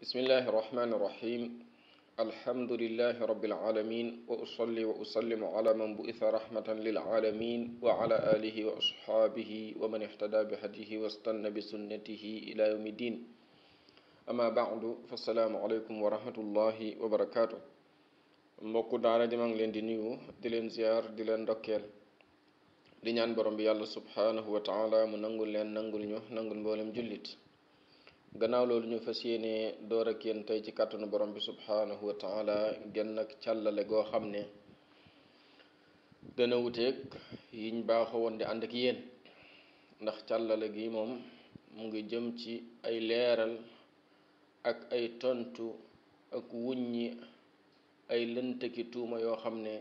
بسم الله الرحمن الرحيم الحمد لله رب العالمين وأصلي وأسلم على من بئث رحمة للعالمين وعلى آله وأصحابه ومن اهتدى بهديه واستنى بسنته إلى يوم الدين أما بعد فالسلام عليكم ورحمة الله وبركاته mbokku daara ji maa ngi leen di nuyu di leen ziar di leen ndokkeel di ñaan borom bi yàlla subhanahu wa taala mu nangul leen nangul ñu nangul mboolem jullit gannaaw loolu ñu fas yéene door ak yéen tey ci kàttanu borom bi subhaanahu wa taala genn ak càllale goo xam ne dana wuteeg yiñ baaxo woon di ànd ak yéen ndax càllale gi moom mu ngi jëm ci ay leeral ak ay tontu ak wuñ wuññi ay lëntëki tuuma yoo xam ne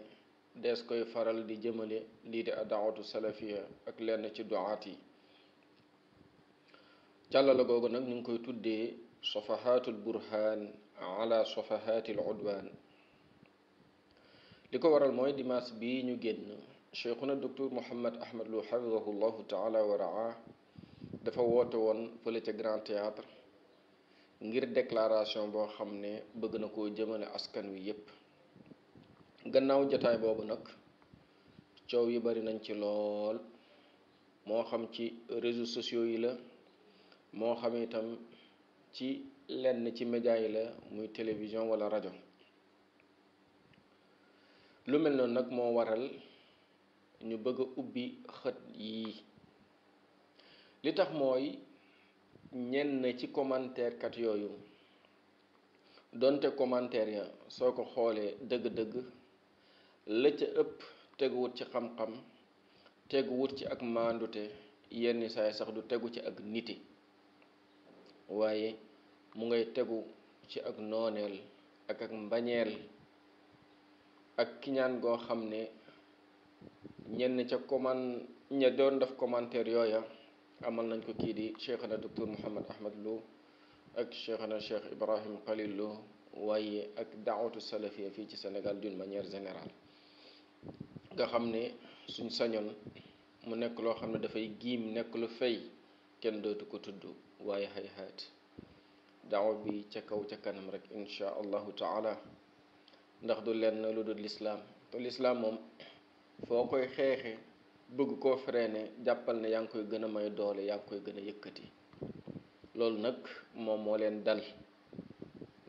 des koy faral di jëmale lii di adaatu salafiya ak lenn ci duaat yi càllala googu nag ñu ngi koy tuddee safahatul burhan ala safahatil udwan li ko waral mooy dimanche bii ñu génn cheikhuna docteur Mouhammad Ahmad Lo xafidahu llahu taala wa raa dafa woote woon fële ca grand théâtre ngir déclaration boo xam ne bëgg na koo jëmale askan wi yépp gannaaw jataay boobu nag coow yi bari nañ ci lool moo xam ci réseaux sociaux yi la moo xam itam ci lenn ci média yi la muy télévision wala rajo lu mel noonu nag moo waral ñu bëgg ubbi xët yi li tax mooy ñenn ci commentaire kat yooyu donte commentaire ya soo ko xoolee dëgg-dëgg la ca ëpp teguwut ci xam-xam teguwut ci ak maandute yenn saay sax du tegu ci ak niti waaye mu ngay tegu ci ak nooneel ak ak mbañeel ak kiñaan goo xam ne ñenn ca comman ña doon def commentaire yooya amal nañ ko kii di cheikhana docteur Mouhammad Ahmad Lo ak cheikhana cheikh Ibrahim Khalil Lo waaye ak daawatu salafi fii ci Sénégal d'une manière générale nga xam ne suñ sañoon mu nekk loo xam ne dafay giim nekk lu fay dootu ko waaye hayhaat daawa bi ca kaw ca kanam rek insha allahu taala ndax du lenn lu dul lislaam te lislaam moom foo koy xeexe bëgg koo freiné jàppal na yaa ngi koy gën a may doole yaa ngi koy gën a yëkkati loolu nag moom moo leen dal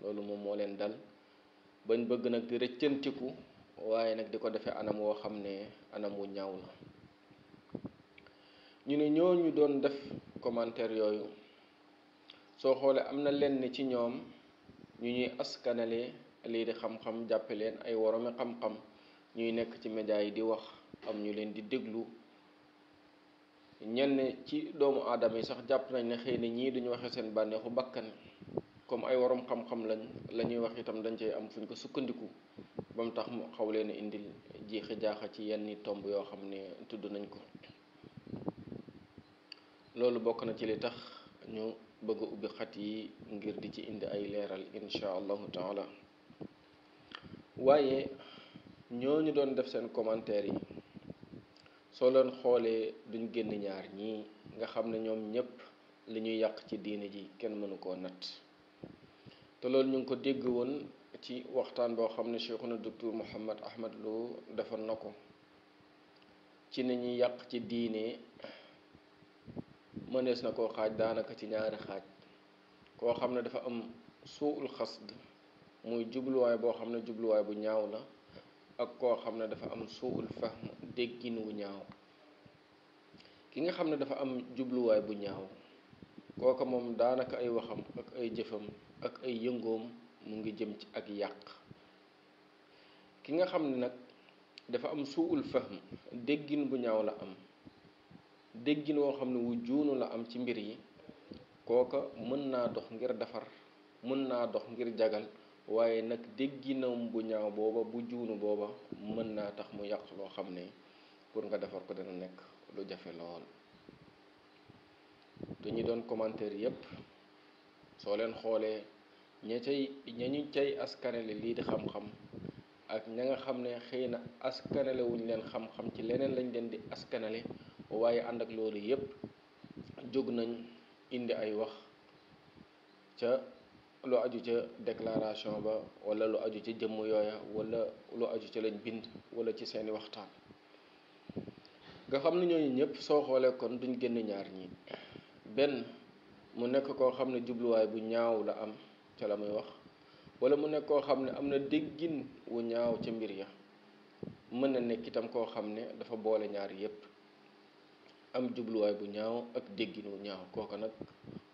loolu moom moo leen dal bañ bëgg nag di rëccantiku waaye nag di ko defee anam woo xam ne anam wu ñaaw la ñu ne ñu doon def commentaire yooyu so xoolee amna na lenn ci ñoom ñu ñuy askanale lii di xam-xam jàppe len ay woromi xam-xam ñuy nekk ci média yi di wax am ñu leen di déglu ñenn ci doomu aadama yi sax jàpp nañ ne xëy na ñii duñu waxee seen bànneexu bakkan comme ay warom xam-xam lañ la ñuy wax itam dañ cay am fuñ ko sukkandiku ba tax mu xaw leen indil jiixi jaaxa ci yenn tomb yoo xam ne nañ ko loolu bokk na ci li tax ñu bëgg ubbi xat yi ngir di ci indi ay leeral incha allahu taala waaye ñoo ñu doon def seen commentaire yi soo leen xoolee duñ génn ñaar ñii nga xam ne ñoom ñépp li ñuy yàq ci diine ji kenn mënu koo natt te loolu ñu ngi ko dégg woon ci waxtaan boo xam ne cheikhuna docteur Mouhammad Ahmad Lo defar na ko ci ne ñuy yàq ci diine mënees na koo xaaj daanaka ci ñaari xaaj koo xam ne dafa am suul xasd muy jubluwaay boo xam ne jubluwaay bu ñaaw la ak koo xam ne dafa am suul fahm déggin wu ñaaw ki nga xam ne dafa am jubluwaay bu ñaaw kooka moom daanaka ay waxam ak ay jëfam ak ay yëngoom mu ngi jëm ci ak yàq ki nga xam ne nag dafa am suul fahm déggin bu ñaaw la am déggin woo xam ne wu juunu la am ci mbir yi kooka mën naa dox ngir defar mën naa dox ngir jagal waaye nag dégginam bu ñaaw booba bu juunu booba mën naa tax mu yàq loo xam ne pour nga defar ko dana nekk lu jafe lool te ñi doon commentaire yépp soo leen xoolee ña cay ña ñu cay askanale lii di xam-xam ak ña nga xam ne xëy na askanale leen xam-xam ci leneen lañ leen di askanale waaye ànd ak loolu yépp jóg nañ indi ay wax ca lu aju ca déclaration ba wala lu aju ca jëmm yooya walla lu aju ca lañ bind wala ci seeni waxtaan nga xam ne ñooñu ñëpp soo xoolee kon duñ génn ñaar ñi benn mu nekk koo xam ne jubluwaay bu ñaaw la am ca la muy wax wala mu nekk koo xam ne am na déggin wu ñaaw ca mbir ya mën na nekk itam koo xam ne dafa boole ñaar yépp am jubluwaay bu ñaaw ak dégginu ñaaw kooka nag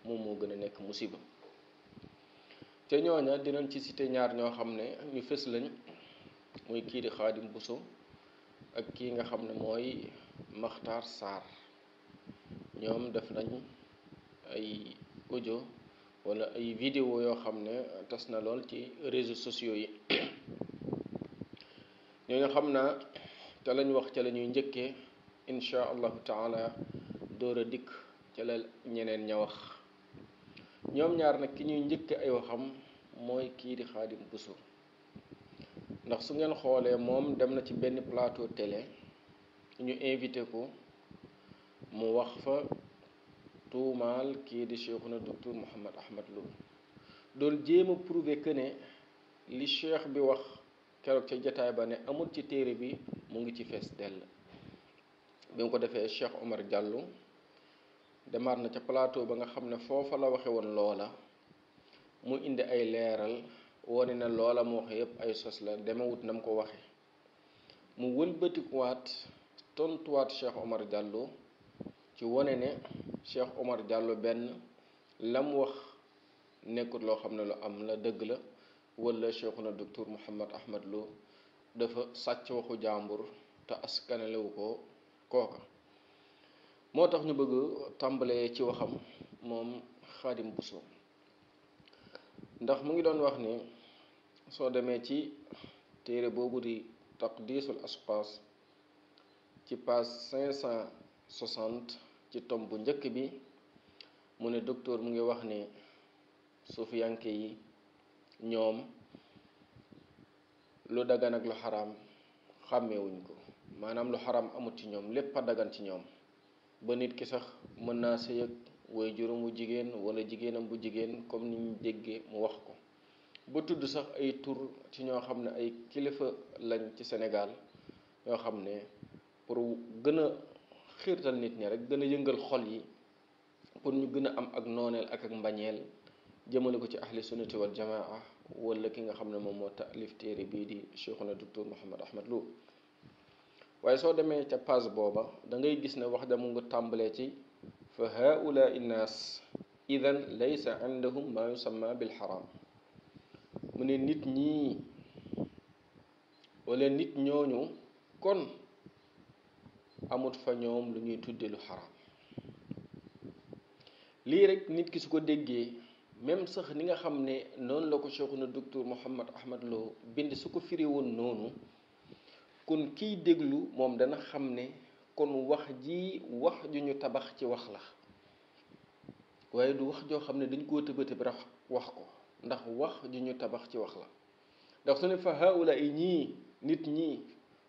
moom moo gën a nekk musiba te ñooña dinañ ci cité ñaar ñoo xam ne ñu fës lañ muy kii di xaadim buso ak kii nga xam ne mooy maxtaar saar ñoom def nañ ay audio wala ay vidéo yoo xam ne tas na lool ci réseaux sociaux yi ñooñu xam naa te lañ wax ca la ñuy njëkkee incha allahu taala door a dikk ca la ñeneen ña wax ñoom ñaar nag ki ñuy njëkk ay waxam mooy kii di xaadim buso ndax su ngeen xoolee moom dem na ci benn plateau télé ñu invité ko mu wax fa tuumaal kii di cheikhuna docteur Mouhammad Ahmad lu doon jéem a prouvé que ne li cheikh bi wax keroog ca jataay ba ne amul ci téere bi mu ngi ci fees dell bi nga ko defee Cheikh Omar Diallo demaat na ca plateau ba nga xam ne foofa la waxe woon loola mu indi ay leeral wone na loola mu waxe yépp ay sos la demewut na mu ko waxe mu wëlbatikuwaat tontuwaat Cheikh Omar Diallo ci wone ne Cheikh Omar Diallo benn mu wax nekkut loo xam ne lu am la dëgg la wala na docteur Mouhammad Ahmad Lo dafa sàcc waxu jàmbur te askanelewu ko kooka moo tax ñu bëgg tàmbalee ci waxam moom xaadim buso ndax mu ngi doon wax ni soo demee ci téere boobu di taqdisul aspaas ci page 560 ci tom bu njëkk bi mu ne docteur mu ngi wax ni suufiyanke yi ñoom lu dagan lu xaraam xàmmewuñ ko maanaam lu xaram amut ci ñoom lépp a dagan ci ñoom ba nit ki sax mën naa sëy ak way juróomu jigéen wala jigéenam bu jigéen comme ni ñu déggee mu wax ko ba tudd sax ay tur ci ñoo xam ne ay kilifa lañ ci Sénégal yoo xam ne pour gën a xiirtal nit ñi rek gën a yëngal xol yi pour ñu gën a am ak nooneel ak ak mbañeel jëmale ko ci ahli sunnati wal jamaa walla ki nga xam ne moom moo taalif téere bii di na docteur Mouhammad Ahmad Lo waaye soo demee ca page booba dangay gis ne wax ja nga tàmbalee ci fa haula innaas idan laysa indahum ma yusamma bil xaram mu ne nit ñii wala nit ñooñu kon amut fa ñoom lu ñuy tudde lu xaram lii rek nit ki su ko déggee même sax ni nga xam ne noonu la ko na docteur Mouhammad Ahmad Lo bind su ko firi woon noonu kon ki déglu mom dana xam kon wax ji wax ju ñu tabax ci wax la waaye du wax joo xam ne dañ koo tëbate bi rax wax ko ndax wax ju ñu tabax ci wax la ndax fa haula nit ñii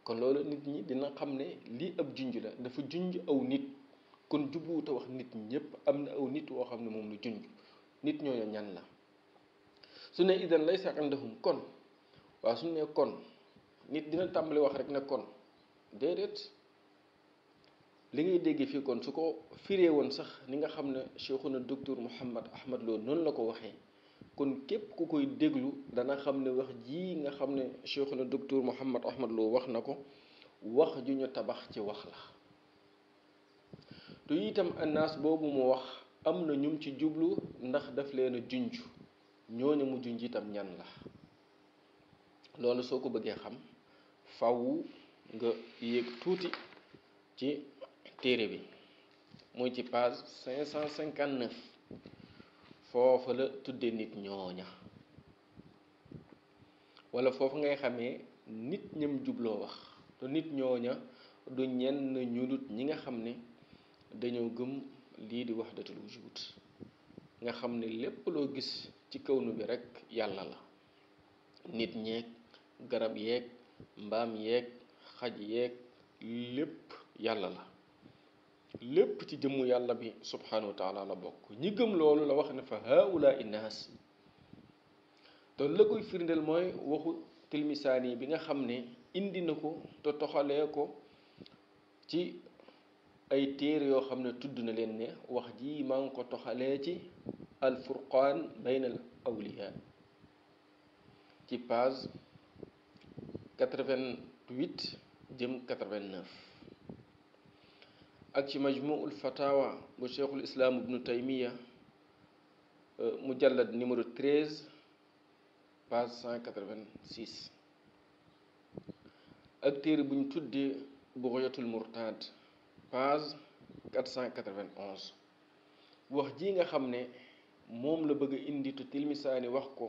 kon loolu nit ñi dina xam li lii ab au la dafa aw nit kon jubluwuta wax nit ñëpp amna aw nit woo xam ne moom la nit ñooñu ñan la idan laysa indahum kon waa su kon nit dina tàmbali wax rek ne kon déedéet li ngay dégg fii kon su ko firee woon sax ni nga xam ne na docteur Mouhammad Ahmad Lo noonu la ko waxee kon képp ku koy déglu dana xam ne wax ji nga xam ne cheikhuna docteur Mouhammad Ahmad Lo wax na ko wax ju ñu tabax ci wax la te itam annaas boobu mu wax am na ñum ci jublu ndax daf leen a junj ñooñu mu junj itam ñan la loolu soo ko bëggee xam faw nga yéeg tuuti ci téere bi muy ci page cinq cent foofa la tudde nit ñooña wala foofu ngay xamee nit ñam jubloo wax te nit ñooña du ñenn ñu ñi nga xam ne dañoo gëm lii di wax wahdatul wujud nga xam ne lépp loo gis ci kawnu bi rekk yàlla la nit ñeeg garab yeeg mbaam yeeg xaj yeeg lépp yàlla la lépp ci jëmm yàlla bi subhanahu wa la bokk ñi gëm loolu la wax ne fa haula innaas doon la koy firndeel mooy waxu tilmisaani bi nga xam ne indi na ko te toxalee ko ci ay téere yoo xam ne tudd na leen ne wax ji maa ngi ko toxalee ci alfurqaan bayna al awliya ci page 88 89 ak ci majmuul fatawa bu cheikhul islaam ibnu taymiya mujallad numéro 13 page 186 ak téere bu ñu tuddee bughyatul murtaad page 491 wax ji nga xam ne la bëgg indi te tilmisaani wax ko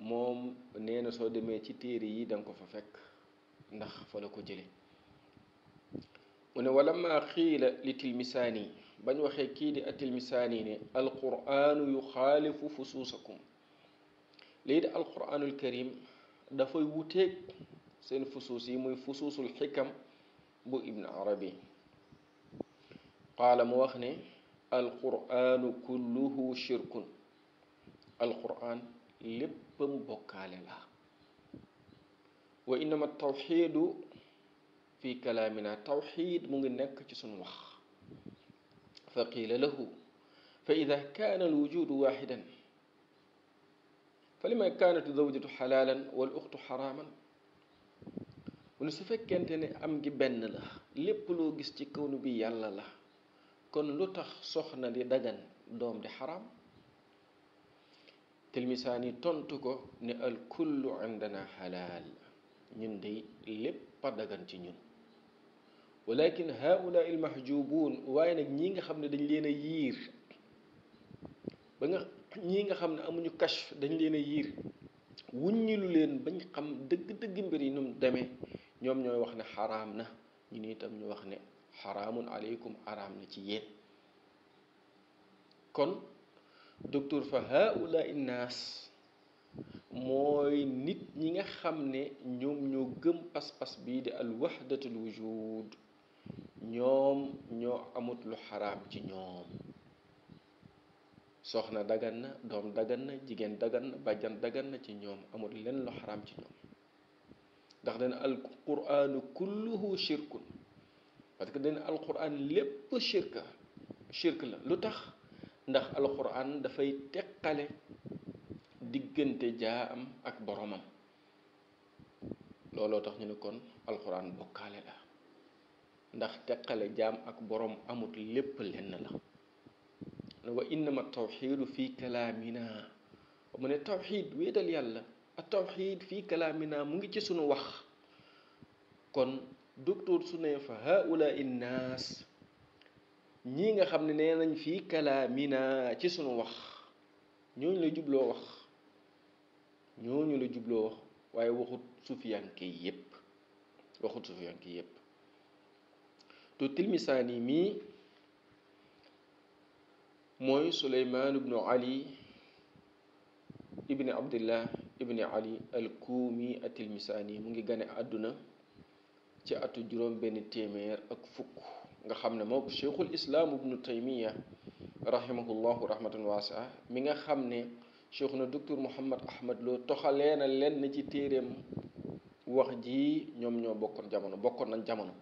moom nee na soo demee ci téere yi da nga ko fa fekk ndax fa la ko jëlee mu ne wala walamma xiila li tilmisaani bañ waxee kii di atilmisaani ne alquraanu yuxaalifu fusuusakum léegi di alquraanul karim dafay wuteeg seen fusuus yi muy fusuusul xikam bu ibn arabi qaala mu wax ne alquraanu kulluhu shirkun alquran lépp léppam bokkaale la wa innama tawxiidu fi kalaamina tawxiid mu ngi nekk ci suñu wax fa qiila lahu fa ida kaana alwujudu waaxidan fa li may kaanat zawjatu xalaalan wal uxtu xaraaman mu ne su fekkente ne am gi benn la lépp loo gis ci kawnu bi yàlla la kon lu tax soxna di dagan doom di xaraam tilmisaani tontu ko ne al kullu indana xalaal ñun day lépp a ci ñun walakin haula il waaye nag ñii nga xam ne dañ leen a yiir ba nga xam ne amuñu kashf dañ leen a yiir wuññilu leen bañ xam dëgg-dëgg mbir yi nu mu demee ñoom ñooy wax ne xaraam na ñu ni ñu wax ne xaraamun aleykum xaraam na ci yéen kon docteur fa haula innas mooy nit ñi nga xam ne ñoo gëm pas-pas bi di al wahdatul wujud nyom ñoo amut lu haram ci Sohna soxna dagan na doom dagan na jigen dagan na bàjjan dagan na ci ñoom amul lenn lu haram ci ñoom ndax al Quran kulluhu shirkun parce que al quran lépp shirka shirk la lu tax ndax alquran dafay teqale diggante jaa am ak boromam lolo tax ñu ne kon alquran bokale la ndax tekkale jaam ak borom amut lépp len la wa innama tawhid fi kalaamina mu ne tawhid wéetal yàlla a tawxid fi kalaamina mu ngi ci sunu wax kon docteur su ne fa haula ñii nga xam ne nee nañ fii kalaamina ci suñu wax ñooñu la jubloo wax ñu la jubloo wax waaye waxut sufiyanke yépp waxut sufiyanke yépp te tilmisaani mii mooy suleymaan ibnu ali ibni abdillah ibni ali al kuumi atilmisaani mu ngi gane àdduna ci atu juróom benn téeméer ak fukk nga xam ne moo cheikhul islam ibnu taymiya rahimahullahu rahmatan wasia mi nga xam ne cheikh na docteur Mouhamad Ahmad Lo toxalee na lenn ci téeréem wax ji ñoom ñoo bokkoon jamono bokkoon nañ jamono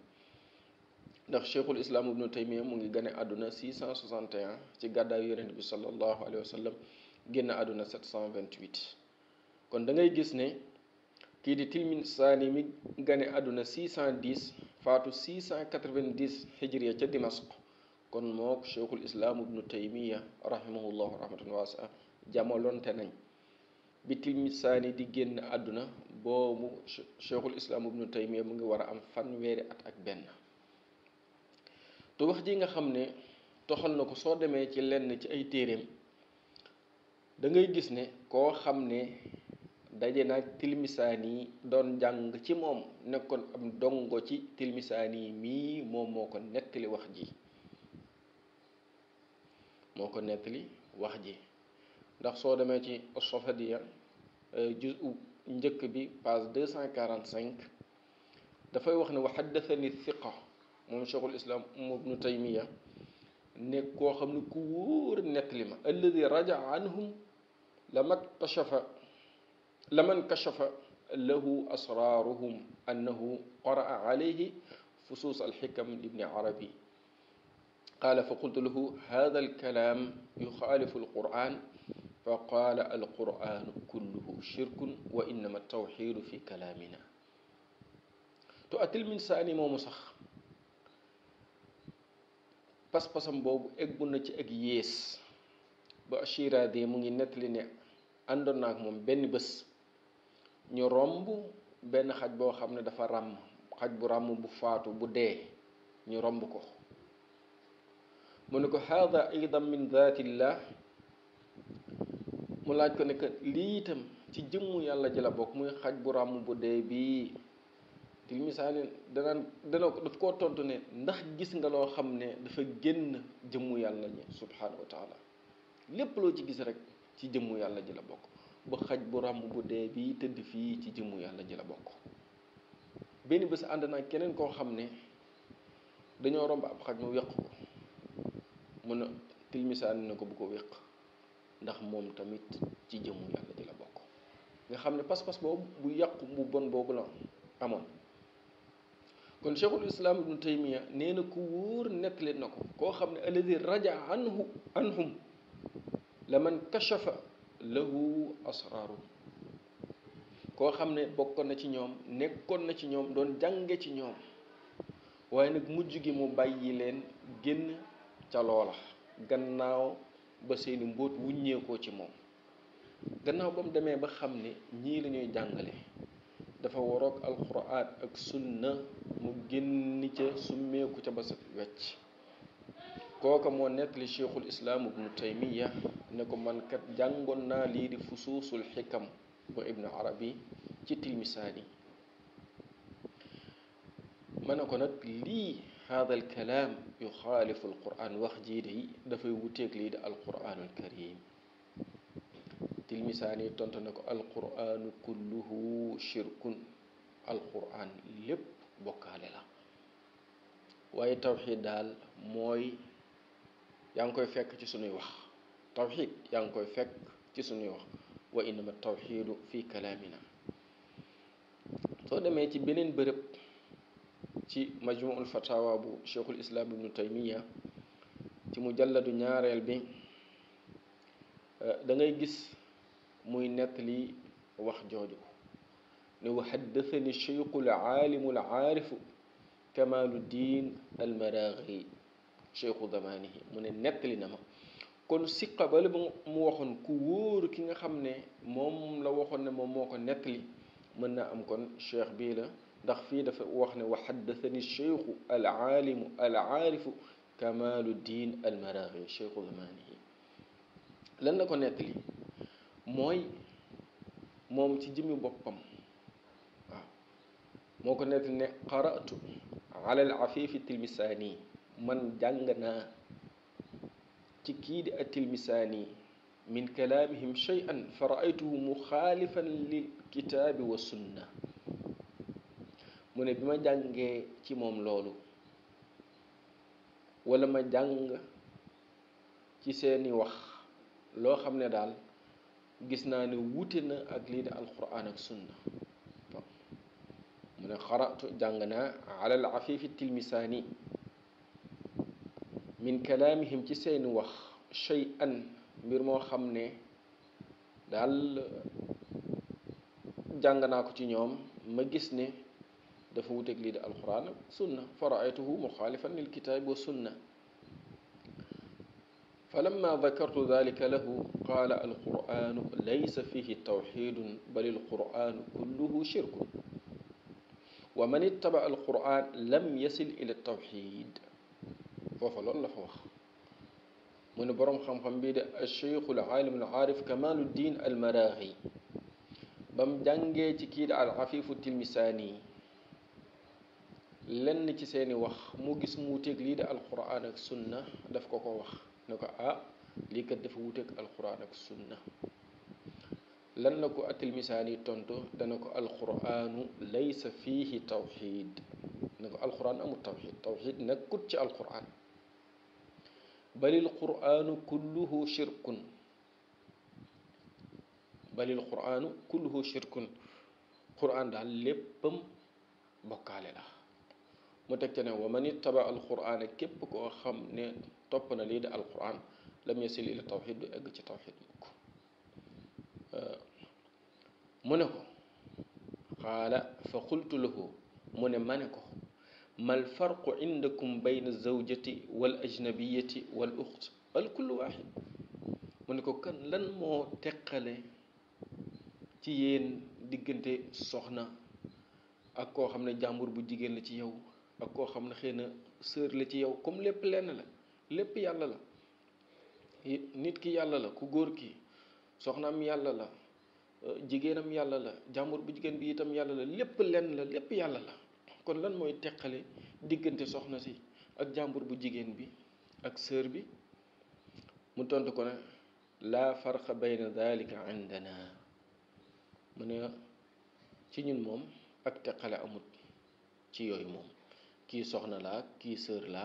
ndax cheikhul islam ibnu taymiya mu ngi gane aduna 661 ci gàddaayu yonent bi sallallahu alayhi wa sallam génn aduna 728 kon da ngay gis ne kiidi tilmin salimi gane aduna 610 fatu 690 hijria ca dimasque kon mook cheikhul islam ubnu taymia rahimahullahu rahmatan wasa jamo lonte nañ bi tilmin sani di génn aduna boomu cheikhul islam ubnu taymia mu ngi war a am fanweeri at ak benn te wax ji nga xam ne toxal na ko soo demee ci lenn ci ay téeréem da ngay gis ne koo xam ne daje nak tilmisani don jàng ci mom nekkon am dongo ci tilmisani mi mom moko netti wax ji moko netti wax ji ndax so demé ci Sofadiya juzu ñëkk bi page 245 da fay wax ni wa hadathani thiqa moom cheikhul islam um ibn taymiya ne ko xamni ku wor nettali ma alladi raja anhum la tashafa لمن كشف له أسرارهم أنه قرأ عليه فصوص الحكم لابن عربي قال فقلت له هذا الكلام يخالف القرآن فقال القرآن كله شرك وإنما التوحيد في كلامنا تؤتل من ساني مو مسخ بس بسم بوب اجبنا اج يس بأشيرا دي مغي نتلي ne àndoon naa ak moom benn bés ñu bena benn xaj boo xam ne dafa ràmm xaj bu ràmm bu faatu bu dee ñu romb ko mu ne ko haada min daatillah mu laaj ko ne que lii itam ci jëmmu yàlla ji la muy xaj bu bu dana daf koo tontu ne ndax gis nga loo xam dafa génn jëmmu yàlla ji subhaanahu wa taala lépp loo ci gis rek ci jëmmu ba xaj bu ràmb bu dee bi tëdd fii ci jëmmu yàlla ji la bokk benn bés ànd naa keneen koo xam ne dañoo romb ab xaj mu weq ko mu ne tilmisaan ne ko bu ko weq ndax moom tamit ci jëmmu yàlla ji bokk nga xam ne pas-pas boobu bu yàqu bu bon boobu la amoon kon cheikhul islam ibnu taymiya nee na ku wóor nettali na ko koo xam ne alladi raja anhu anhum la man kachafa lahu asraaru koo xam ne bokkoon na ci ñoom nekkoon na ci ñoom doon jànge ci ñoom waaye nag mujj gi mu bàyyi leen génn ca loola gannaaw ba seeni mbóot wuññeekoo ci moom gannaaw ba mu demee ba xam ne ñii lañuy jàngale dafa waroog alxuraan ak sunna mu génn ca summeeku ca ba wecc kooka moo nettali cheikhul islam ibnu taymiya ne ko man kat jàngoon naa lii di fusuusul xikam bu ibnu arabi ci tilmisaani ma ne ko nag lii hada alkalaam yuxaalifu alquran wax jii de dafay wuteeg lii di alquranu alkarim tilmisaani tontu na ko alquranu kulluhu shirkun alquran lépp bokkaale la waaye tawxid daal mooy yang koy fekk ci sunuy wax tawhid yang koy fekk ci sunuy wax wa innama tawxidu fi kalamina so demé ci benen beurep ci majmuul fatawa bu cheikhul islam ibn taymiya ci mujalladu ñaarel bi da ngay gis muy nettali wax jooju ni wa haddathani cheikhu al aalimu al aarifu kamaalu diin al maraaxi شيخ زمانه من النتل نما كون سيكا بل مو وخون كو وور كيغا خامني موم لا وخون ني موم موكو نتلي من ام كون شيخ بي لا داخ في دا وخني وحدثني الشيخ العالم العارف كمال الدين المراغي شيخ زمانه لن نكون نتلي موي موم تي جيمي بوبام moko netti ne qara'tu ala al afif al tilmisani من جنغنا تكيد أتي المساني من كلامهم شيئا فرأيته مخالفا للكتاب والسنة من بما جنغ كموم لولو ولما جنغ كيساني وخ لو خمنا دال جسنا نووتنا أقليد القرآن والسنة من قرأت جنغنا على العفيف التلمساني min kalaamihim ci seen wax shay'an mbir moo xam ne daal jàng naa ko ci ñoom ma gis ne dafa wuteeg lii di alquran ak sunna fa raaytuhu muxaalifan lil kitaab wa sunna فلما ذكرت ذلك له قال القرآن ليس فيه توحيد بل القرآن كله شرك ومن اتبع القرآن لم يصل إلى التوحيد foofa loolu la fa wax mu ne boroom xam-xam bii de alcheikhul aalim al aarif kamaluddin al maraaxi bam jàngee ci kii di al afifu tilmisaani ci seeni wax mu gis mu lii di alquran ak sunna daf ko ko wax ne ko ah lii lan na ko atilmisaani tontu dana ko alquranu laysa fiihi tawxid ne ko alquran amul tawxid tawxid nekkut ci alquran بل القرآن كله شرك bali alqur'anu kulluhu shirkun qur'an daal léppam bokkaale la mu teg ca ne wa man ittaba alqur'ana képp koo xam ne topp na lii di alqur'an lam yasil ila tawxid du egg ci tawxid mukk mu ne ko qaala fa qultu lahu mu ne ma ne ko ما الفرق عندكم بين الزوجة والأجنبية والأخت الكل واحد من كان لن مو تقل تيين ديغنت سخنا اكو خامن جامور بو جيجن لا تي ياو اكو خامن خينا سير لا تي ياو كوم ليب لين لا ليب يالا لا نيت كي يالا لا كو غور كي سخنام يالا لا جيجنام يالا لا جامور بو جيجن بي يتام يالا لا ليب لين لا ليب يالا لا kon lan moy tekkale digënté soxna ci ak jambour bu jigen bi ak sœur bi mu tontu ko ne laa farqa bayna dhalika indana mune ci ñun mom ak tekkale amut ci yoy mom ki soxna la ki sœur la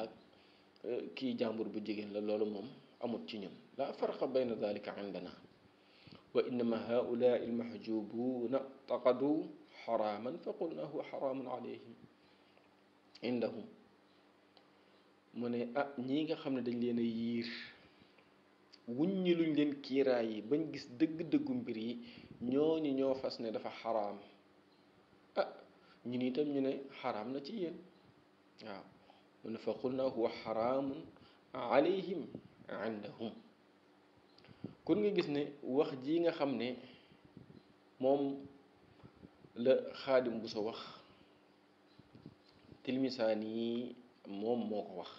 ki jambour bu jigen la lolu mom amut ci ñun la farq bayna dhalika indana wa innama haulaa almahjubuuna taqadu xaraaman fa qulna huwa alayhim indahum mu ne ah ñii nga xam ne dañ leen a yiir wuññi luñ leen kiiraay yi bañ gis dëgg-dëggu mbir yi ñooñu ñoo fas ne dafa xaraam ah ñun itam ñu ne xaraam na ci yéen waaw mu ne fa qul naa huwa xaraamun alayhim indahum kon nga gis ne wax ji nga xam ne moom la xaadim bu sa wax tilmisaani moom moo ko wax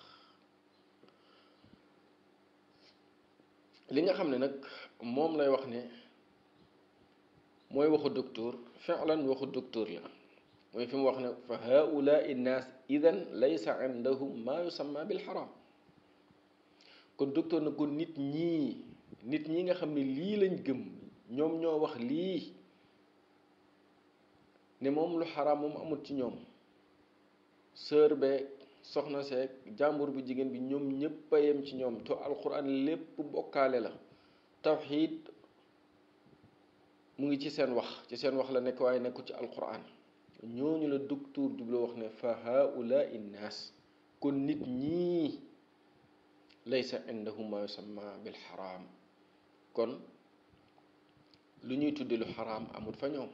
li nga xam ne nag moom lay wax ne mooy waxu docteur fi'lan waxu docteur la mooy fi mu wax ne fa naas nnaas idan laysa indahum maa yusamma bil xaram kon docteur na kon nit ñii nit ñi nga xam ne lii lañ gëm ñoom ñoo wax lii ne moom lu xaraam moom amul ci ñoom sœur beeg soxna jamur biji bu jigéen bi ñoom ñëpp a yem ci ñoom te alquran lépp bokkaale la tawxid mu ngi ci seen wax ci seen wax la nekk waaye nekku ci alquran ñooñu la docteur jublo wax ne fa haula innas ko nit ñii laysa indahum ma yusamma bil haram kon lu ñuy lu haram amut fa ñoom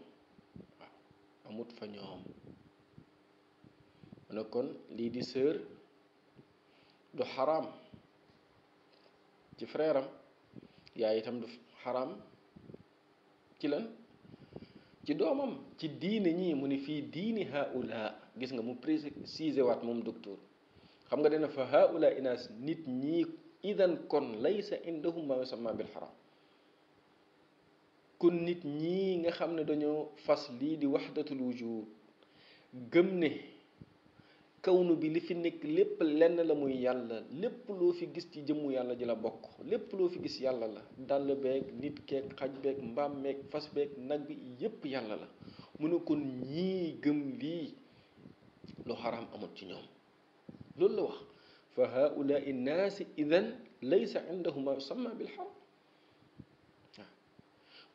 amut fa ñoom mu kon lii di sër du xaraam ci frère am yaay itam du xaraam ci lan ci doomam ci diine ñii mu ni fii diini haula gis nga mu précisé waat moom docteur xam nga dana fa haula inaas nit ñi idan kon laysa indahum ma yusamma bil xaram kon nit ñii nga xam ne dañoo fas lii di waxdatul wujud gëm ne kawnu bi li fi nekk lépp lenn la muy yàlla lépp loo fi gis ci jëmmu yàlla ji la bokk lépp loo fi gis yàlla la dàll beeg nit keeg xaj beeg mbaam meeg fas beeg nag bi yépp yàlla la mu kon ñii gëm lii lu xaraam amul ci ñoom loolu la wax fa haulaai naasi idan laysa indahum ma yusamma bil xaram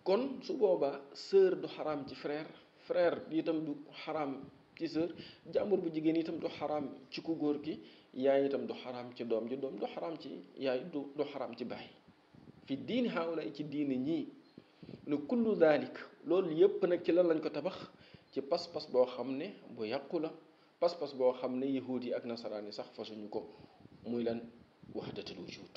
kon su boobaa sœur du xaraam ci frère frère itam du xaraam ci jamur jàmbur bu jigéen itam du xaraam ci ku góor gi yaay itam du haram ci doom ji doom du xaraam ci yaay du du xaraam ci baay fi diin xaawlay ci diin ñii ne kullu daalik loolu ci lan lañ ko tabax ci pas-pas boo xam bu yàqu pas-pas boo xam yahudi ak nasaraan yi sax fasuñu ko muy lan wahdatul wujud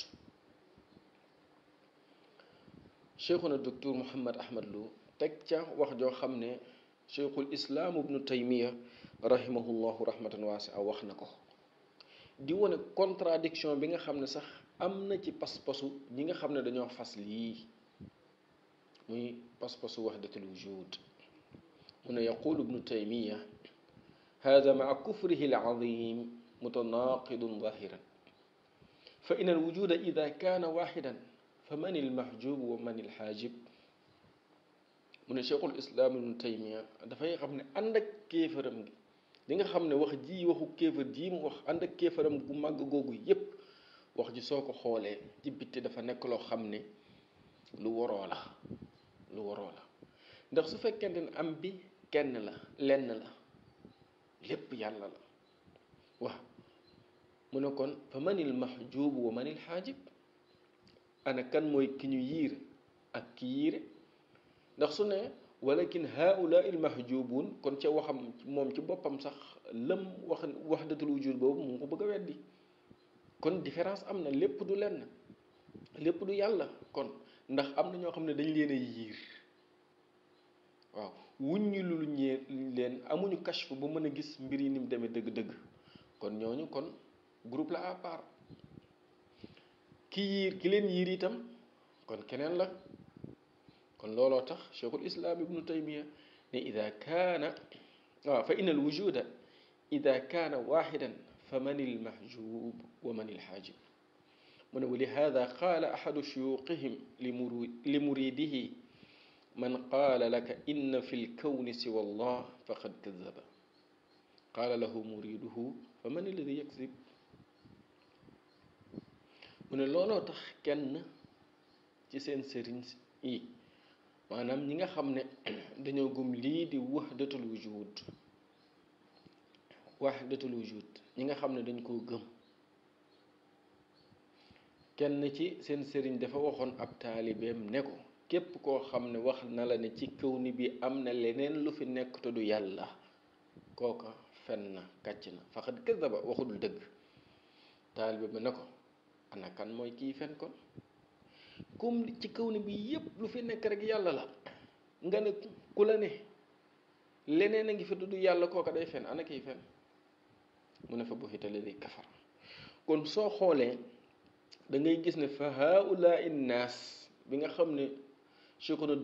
cheikhuna docteur Mouhammad Ahmad Lo teg ca wax cheikhul islaam ibnu taymiya rahimahullahu rahmatan waasi'a wax na ko di wone contradiction bi nga xam ne sax am na ci pas-pasu ñi nga xam ne dañoo fas lii muy pas-pasu wahdatul wujud mu ne yaqulu ibnu taymiya هذا مع كفره العظيم متناقض ظاهرا فإن الوجود إذا كان واحدا فمن المحجوب ومن الحاجب mu ne cheikhul islam ibnu taymiya dafay xam ne ànd ak kéefaram gi li nga xam ne wax ji waxu kéefar ji mu wax ànd ak kéefaram gu màgg googu yépp wax ji soo ko xoolee ci bitti dafa nekk loo xam ne lu waroo la lu waroo la ndax su fekkente ne am bi kenn la lenn la lépp yàlla la waaw mu ne kon fa manil mahjub wa manil xaajib ana kan mooy ki ñu yiir ak ki yiire ndax su ne walakin haula il kon ca waxam moom ci boppam sax lëm wax waxdatul wujud boobu mu ko bëgg kon différence amna na lépp du lenn lépp du yàlla kon ndax amna na ñoo xam ne dañ leen a yiir waaw wuññi lu ñee leen amuñu kashf bu mën gis kon ñooñu kon groupe la à part ki yiir ki leen itam kon keneen la كن لولو تخ شيخ الاسلام ابن تيميه اذا كان فان الوجود اذا كان واحدا فمن المحجوب ومن الحاجب من ولهذا قال احد شيوخهم لمريده من قال لك ان في الكون سوى الله فقد كذب قال له مريده فمن الذي يكذب من لولو تخ كن سيرين إيه maanaam ñi nga xam ne dañoo gëm lii di wahdatul wujud wahdatul wujud ñi nga xam ne dañ koo gëm kenn ci seen sëriñ dafa waxoon ab taalibeem ne ko képp koo xam ne wax na la ne ci kaw ni bi am na leneen lu fi nekk te yàlla kooka fen na kàcc na faxat kadaba waxul dëgg taalibe bi ne ko ana mooy kii fen kon kum ci kaw ne bi yépp lu fi nekk rek yàlla la nga ne ku la ne leneen a ngi fi tudd yàlla kooka day fen ana kiy fen mu ne fa bu xitale di kafar kon soo xoolee da ngay gis ne fa haula innaas bi nga xam ne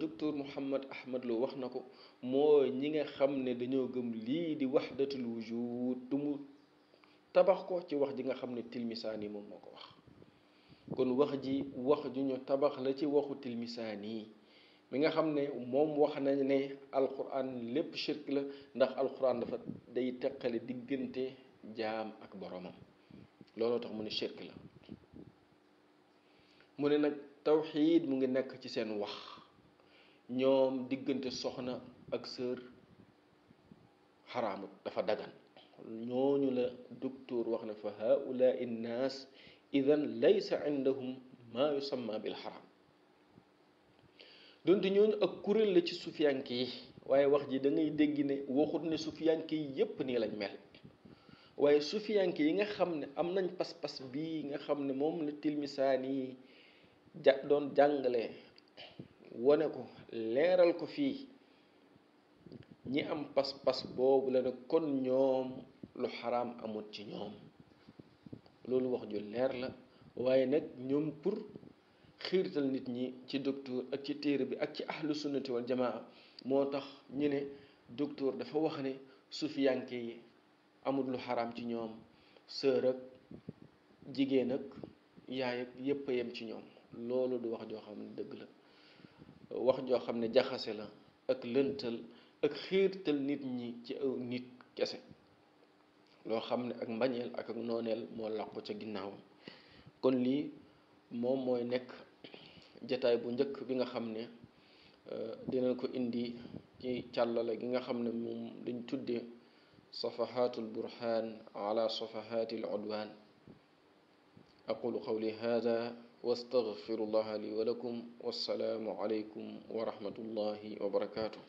docteur ahmad lo wax na ko moo ñi nga xam ne dañoo gëm lii di waxdatul wujud du mu tabax ko ci wax ji nga xam ne tilmisaani moom moo ko wax kon wax ji wax ju ñu tabax la ci waxu tilmisaani yi mi nga xam ne moom wax nañ ne alquran lépp shirk la ndax alquran dafa day teqale diggante jaam ak boromam looloo tax mu ne shirk la mu ne nag tawxiid mu ngi nekk ci seen wax ñoom diggante soxna ak sër xaraamut dafa dagan ñooñu la docteur wax na fa haula innaas idan laysa indahum ma yusamma bil haram donte ñooñu ak kuréel la ci sufiyanke yi waaye wax ji da ngay dégg ne waxut ne sufiyanke yi yépp nii lañ mel waaye sufiyanke yi nga xam ne am nañ pas-pas bii nga xam ne moom la tilmisaan yi ja doon jàngale wone ko leeral ko fii ñi am pas-pas boobu la kon ñoom lu haram amut ci ñoom loolu wax ju leer la waaye nag ñoom pour xiirtal nit ñi ci docteur ak ci téere bi ak ci ahlu sunnati wal jamaa moo tax ñu ne docteur dafa wax ne sufiyanke yi amul lu xaraam ci ñoom sër ak jigéen ak yaay ak yépp a yem ci ñoom loolu du wax joo xam ne dëgg la wax joo xam ne jaxase la ak lëntal ak xiirtal nit ñi ci aw nit kese loo xam ne ak mbañeel ak ak nooneel moo làqu ca ginnaawam kon lii moom mooy nekk jataay bu njëkk bi nga xam ne euh, dinañ ko indi ci càllale gi nga xam ne moom dañ tudde safahatul burhan ala safahatil udwan aqulu qawli hada wastaghfirullaha li wa lakum wassalaamu alaykum wa rahmatullahi wa barakatuh